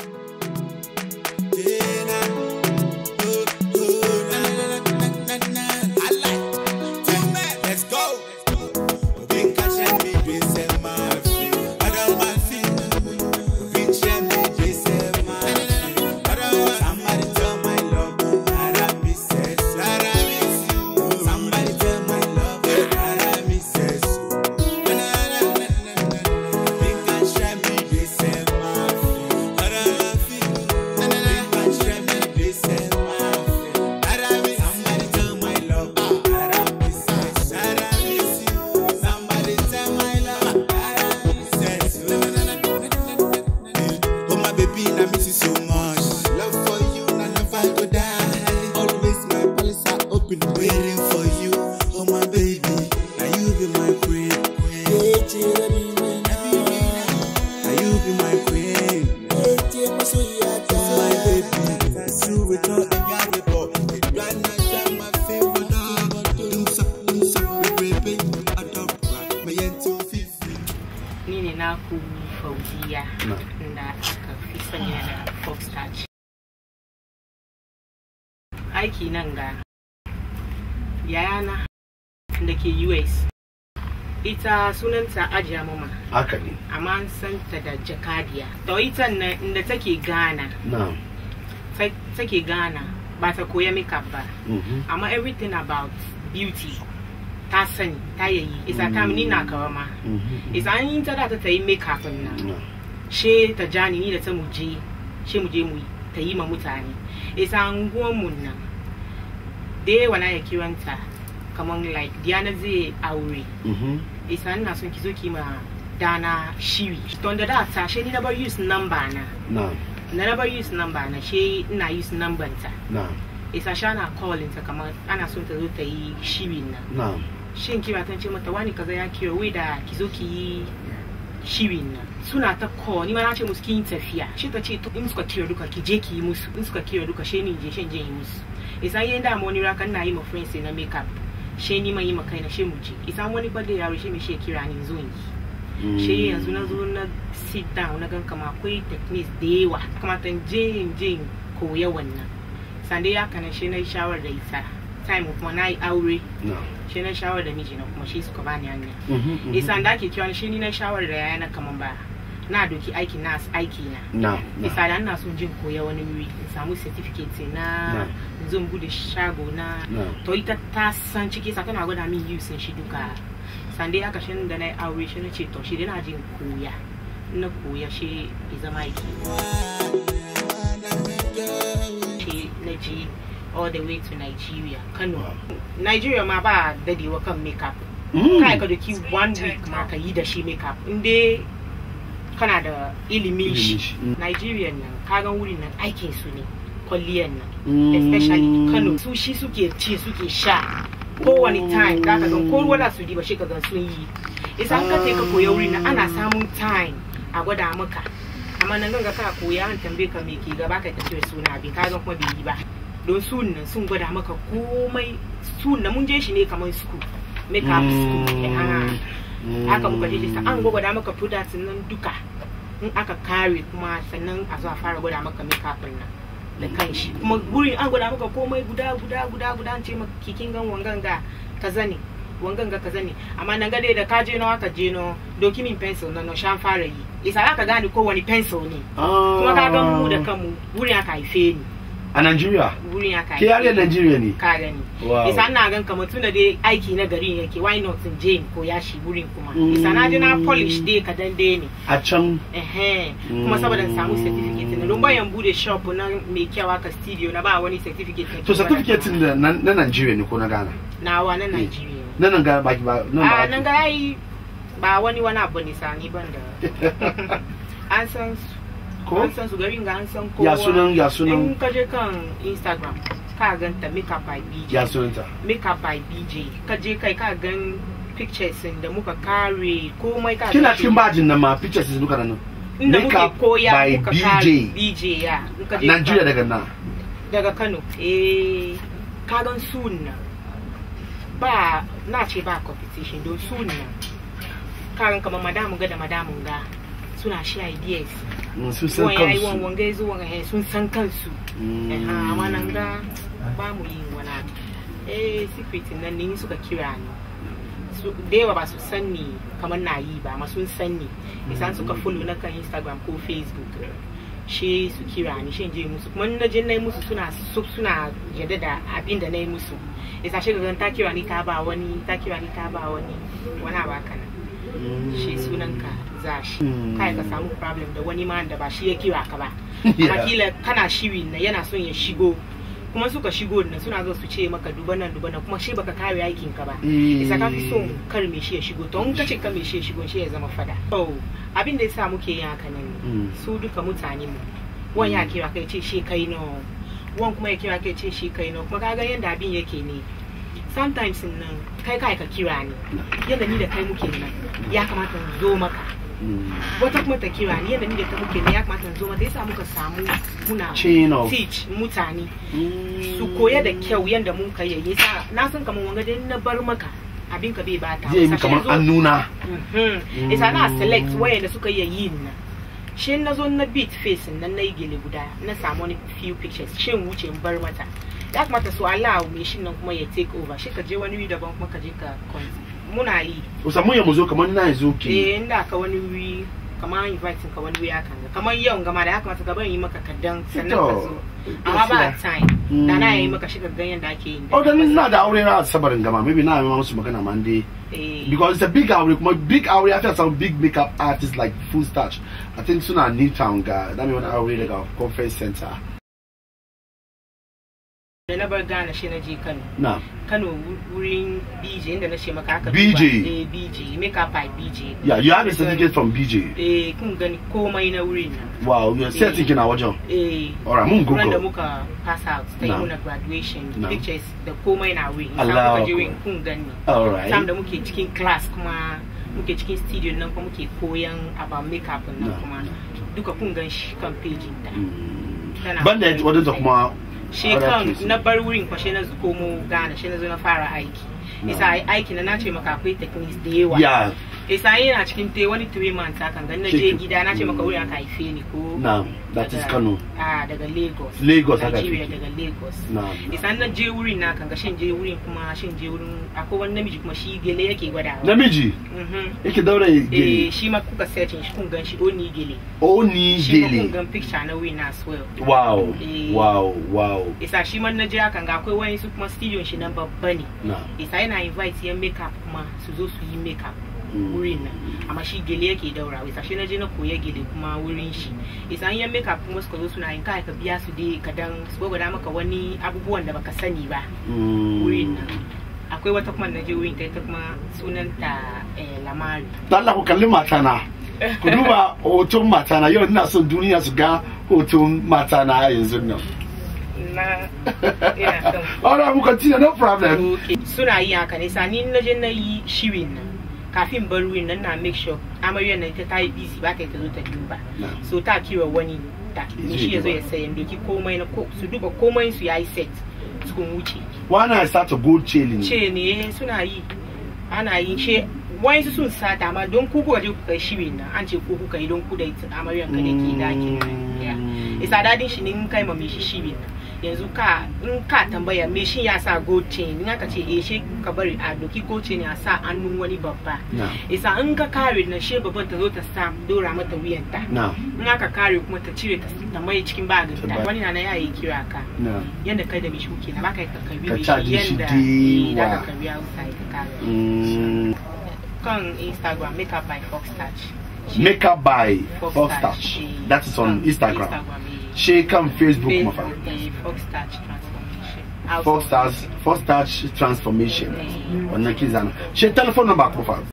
thank you we are. ita sunanta ajiya mama haka ne amma an santa da jakadiya to ita inda take gana na'am take gana ba ta koya makeup ba mm-hmm. amma everything about beauty ta sani ta yayi isa ta ni na ma mm-hmm. isa an yi ta da ta yi makeup na she ta jani ni da ta muje she muje mu ta yi ma mutane isa an mun nan dai yawa na ya kiranta kamar like diana zai aure mm-hmm. isa ina son ki zo ki ma dana shiwi don da da ta she ni na use number na na na use number na she na use number ta na isa sha na in ta kamar ana son ta zo ta yi shiwi na na shin ki ta ce mata wani kaza ya kiro wai da kizo ki yi shirin nan suna ta call ni ma na ce musu kin tafiya shi ta ce in suka kira duka ki je ki yi musu in suka duka she ni je shan je yi musu isa yin da mu ni rakan na yi ma friends na makeup she ni mai yi makaina she mu ci isa wani birthday yaro she mai she kira ni zo yi mm. she yanzu na zo na sit down na gan ma akwai techniques da yawa kamata in je in je koya wannan sande ya kana she na yi shawar da isa time kuma na yi aure she na shawar da mijina kuma shi suka bani hanya isa mhm, mhm. da ake kiwa she ni na shawar da yaya na kaman ba na doki aiki na aiki na misali ana son jin koya wani wuri in samu certificate na zan bude shago na to ita ta san ciki sa tana gwada min yusin shi duka sande aka shin da na aure shi na ce to shi na jin koya na koya shi ya zama aiki shi na ji all the way to Nigeria Kano Nigeria ma ba dadewa kan makeup kai mm. ka doki one week ma ka yi da shi makeup inde kana da ilimi shi mm. Nigerian nan kagan wurin nan aikin su ne kwalliyan nan mm. especially Kano su shi suke ci suke sha kowane mm. time za ka gan ko ruwa da su ba shi ka gan sun yi isa an ka ka koya wuri nan ana samun time a gwada maka amma nan ganga ka koya an tambaye ka me ke gaba ka tafi suna bi ka gan kuma bi yi ba don sun nan sun gwada maka komai sun nan mun je shi ne kamar school make up school ah. Mm. aka muka je sa an gwada maka products nan duka in aka kare kuma sannan a zuwa fara gwada maka makeup nan da kanshi kuma gurin an gwada maka komai guda guda guda guda an ce maka kikin gan wangan ga kaza ne wangan ga kaza amma nan gade da ka je no aka je no doki min pencil na no shan fara yi isa ka gane ko wani pencil ne ah. kuma ka ga mu da kanmu gurin aka haife ni a Nigeria wurin ya kai yariyar Najeriya ne ka gani isa ina gan kamar tun da dai aiki na gari yake why not in jane ko shi wurin kuma isa na je na mm. polish dai dan dai ne a can eh kuma saboda samu certificate na don yan bude shop na mai kyawa ka studio na ba wani certificate to certificate na na Nigeria ne ko na Ghana wa na mm. Nigeria na nan ga ba ba nan ah, ga ba wani wani abu ne sani ban da an san su ko an san su garin ga an san kowa ya sunan ya sunan ka instagram ka ganta makeup by bj ya sunanta makeup by bj ka kai ka pictures da muka kare komai ka kina cikin bajin nan ma pictures din duka nan inda muke by muka bj ya Nigeria daga nan daga Kano eh ka gan ba na ce ba competition don sunna karin kamar madamu ga da ga suna shi ideas Eh, sun san kansu wani wanga ya sun san kansu amma nan ga ba mu yi eh secret nan ne suka kira ni ba su san ni kamar na yi ba amma sun san ni isan suka mm. follow na kan instagram ko facebook she su kira ni je musu kuma na je na yi musu suna suna yadda da abin da na yi musu isa ta kira ni ba wani ta kira ni ba wani wani ba kana shi sunanka za shi hmm. kai ka samu problem da wani man da ba shi ya kira ka ba amma kila kana shiri na yana son ya shigo kuma suka shigo na suna zo su ce maka duba nan duba nan kuma shi baka kare aikin ka ba hmm. isa ka fi son kar me shi ya shigo to in ka ce kar me shi ya shigo shi ya zama fada to abin da yasa muke yin haka nan hmm. su duka mutane mu Wan ya kira kai ce shi kai no wan kuma ya kira kai ce shi kai no kuma kaga yanda abin yake ne sometimes nan kai kai ka kira ni yadda ni da kai muke nan ya kamata in zo maka hmm. wata kuma ta kira ni yadda ni da ta muke nan ya kamata in zo maka yasa muka samu muna teach mutane hmm. su koya da kyau yadda mun kai yayi sa na san kamar wanga dai na bar maka abin ka bai ba zai yi kamar an nuna isa mhm. na select wayanda suka yayi nan shi na zo na beat face nan na yi gele guda na samu wani few pictures shin wuce bar mata That matter so Allah mai shin nan kuma ya take over She ka je wani wi daban kuma ka je ka muna yi kusa mun mu zo kamar na yanzu ke eh inda ka wani wi kamar invite ka wani wi aka kamar yau gama da ya kamata gaban yi maka kaddan sannan ka zo amma ba time da na yi maka shiga ganyen da ake yi oh dan na da aure na sabarin gama maybe na yi musu magana ma dai eh. because it's a big aure kuma big aure after some big makeup artists like full starch i think suna new town ga da mai wani aure daga conference center da na bar Ghana shi na je Kano. Na. Kano wurin BJ inda na ce maka aka BJ. Eh BJ makeup by BJ. Yeah, you have a certificate from BJ. Eh kun gani komai na wurin nan. Wow, you are certificate na wajen. Eh. Alright, mun google. Wanda muka pass out sai muna graduation pictures da komai na wurin. Allah. Kun gani. Alright. Sam da muke cikin class kuma muke cikin studio nan kuma muke koyan about makeup nan kuma duka kun gan shi kan page ta. Hmm. Banda wadda kuma shi kan na bar wurin kwashe na komo gana shi na zo na fara aiki isa aiki na na ce maka akwai techniques da yawa isa yana cikin te wani three months hakan gan na je gida na ce maka wurin mm. aka haife ni ko na that is Kano ah daga Lagos Lagos aka haife daga Lagos na isa na je wurin na kan ga shin je wurin kuma shin je wurin akwai wani namiji kuma shi gele yake gwada namiji mhm. yake daura gele eh shi ma kuka searching shi kun gan shi oni gele oni gele shi kun gan picture na wurin as well wow eh. wow wow isa shi ma na je hakan ga akwai wani su kuma studio shi nan babba ne isa yana invite yan makeup kuma su zo su yi makeup Mm. wurin nan amma shi gele yake daura wai sashe na je na koya gele kuma wurin shi isa an make up kuma suka zo suna yin kai ka biya su dai ka dan su gwada maka wani abubuwan da baka sani ba mm. wurin nan akwai wata kuma na je wurin ta ita kuma sunanta eh, lamari Allah ku kalli mata na ku duba hoton mata na yau ina son duniya su ga hoton mata na yanzu nan na ina son. Alright, we continue, no problem. Okay. Suna yi haka ne, sani na je na yi shirin nan. kafin bar wurin nan na make sure amaryar nan ita ta yi bisi ba ta yi ta zo ta duba so ta kira wani ta ni shi ya zo ya sayan doki komai na ko su duba komai su yayi set sun wuce wana sata gold chain chain ne suna yi ana yin she wani su sun sata amma don ku ku je kuka shirin nan an ce ku kuka yi don ku da amaryar ka da ke dakin mm. ya isa dadin shi ne in kai ma shi shi yanzu ka in ka tambaya me shi ya sa chain in ce eh ka bari a doki gold chain ya sa hannun wani babba isa in ka kare na she babban ta zo ta sa dora mata wuyanta in aka kare kuma ta cire ta ta cikin bagin ta wani nana ya yi kira ka yanda kai da mishi kuke na baka ka kabi mishi yanda da kabi outside ka kare mm. kan instagram up by fox touch Makeup by Foxtouch. That is on Instagram. Shake on Facebook, my friend. Foxtouch Transformation. Foxtouch Transformation. On the Nakizana. Share telephone number, profile.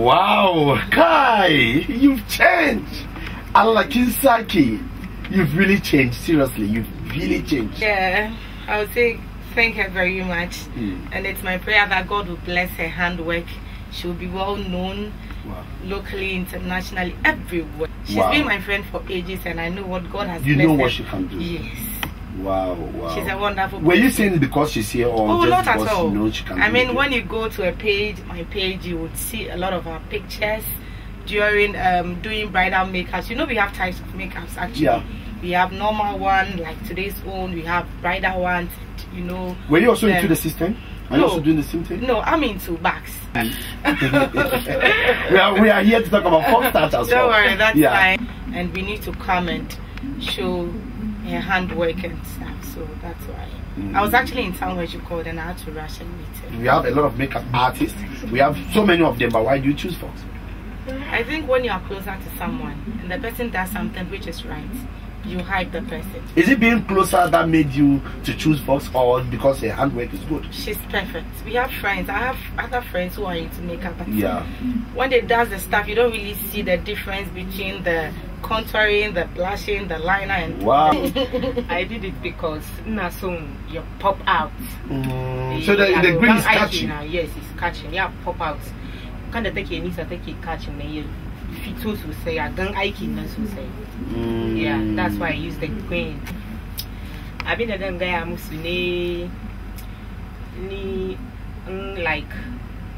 Wow, Kai, you've changed. Saki, you've really changed. Seriously, you've really changed. Yeah, I would say thank her very much. Mm. And it's my prayer that God will bless her handwork. She will be well known wow. locally, internationally, everywhere. She's wow. been my friend for ages, and I know what God has. You know what her. she can do. Yes. Wow, wow. She's a wonderful. Person. Were you saying because she's here or oh, just not because at all. you know she can? I mean, when you go to a page, my page, you would see a lot of our pictures during um, doing bridal makeups. You know, we have types of makeups actually. Yeah. We have normal one like today's own. We have bridal ones. You know. Were you also um, into the system? Are no, you also doing the same thing? No, I'm into backs. we, are, we are here to talk about fox as Don't well. Don't worry, that's yeah. fine. And we need to come and show yeah, handwork and stuff. So that's why. Mm. I was actually in town when you called and I had to rush and meet him. We have a lot of makeup artists. We have so many of them, but why do you choose Fox? I think when you are closer to someone and the person does something which is right, you hype the person. Is it being closer that made you to choose Fox or because her handwork is good? She's perfect. We have friends. I have other friends who are into makeup. Yeah. When they does the stuff, you don't really see the difference between the contouring, the blushing, the liner, and wow. I did it because soon you pop out. Mm. So the, the green is catching. Now. Yes, it's catching. Yeah, pop out. Kind of take your knees, I take your catching. Then fito say a gan aikin nan say, mm. yeah that's why i use the green I've been da dan guy. I must ni mm, like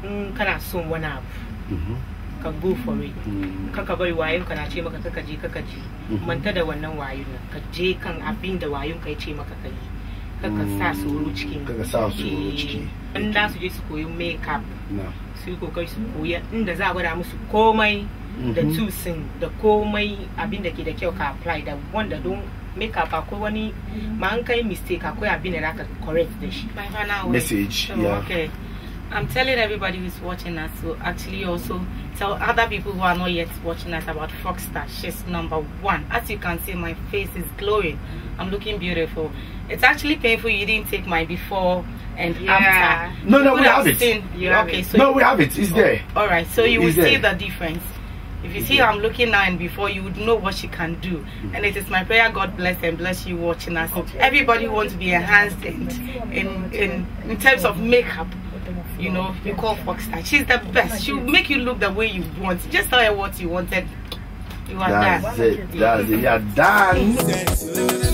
mm, kinda soon when I've. ka go for it mm. kaka bari wayon ka na ce maka kaka je kaka je mm-hmm. manta da wannan wayon nan ka je kan abin da wayon ka ya ce maka ka yi kaka sa mm. tsoro cikin kaka sa tsoro eh, ciki in da su je su koyi makeup su yi kokari su koya inda za a gwada musu komai da mm-hmm. tusin da komai abin da ke da kyau ka apply da wanda don makeup akwai wani mm-hmm. ma an kai mistake akwai abin da za ka correct da shi message yeah okay i'm telling everybody who's watching us to actually also tell other people who are not yet watching us about Foxstar. She's number one. As you can see, my face is glowing. I'm looking beautiful. It's actually painful you didn't take my before and yeah. after. No, no, we have, it. seen, it. You okay, it. so no, we have it. It's oh, there. All right, so you it's will there. see the difference. If you see I'm looking now and before, you would know what she can do. Mm. And it is my prayer, God bless and bless you watching us. Everybody wants to be enhanced in, in, in, in terms of makeup you know you call Foxstar. She's the best. She'll make you look the way you want. Just tell her what you wanted. You are that's done. It. That's it. You're done.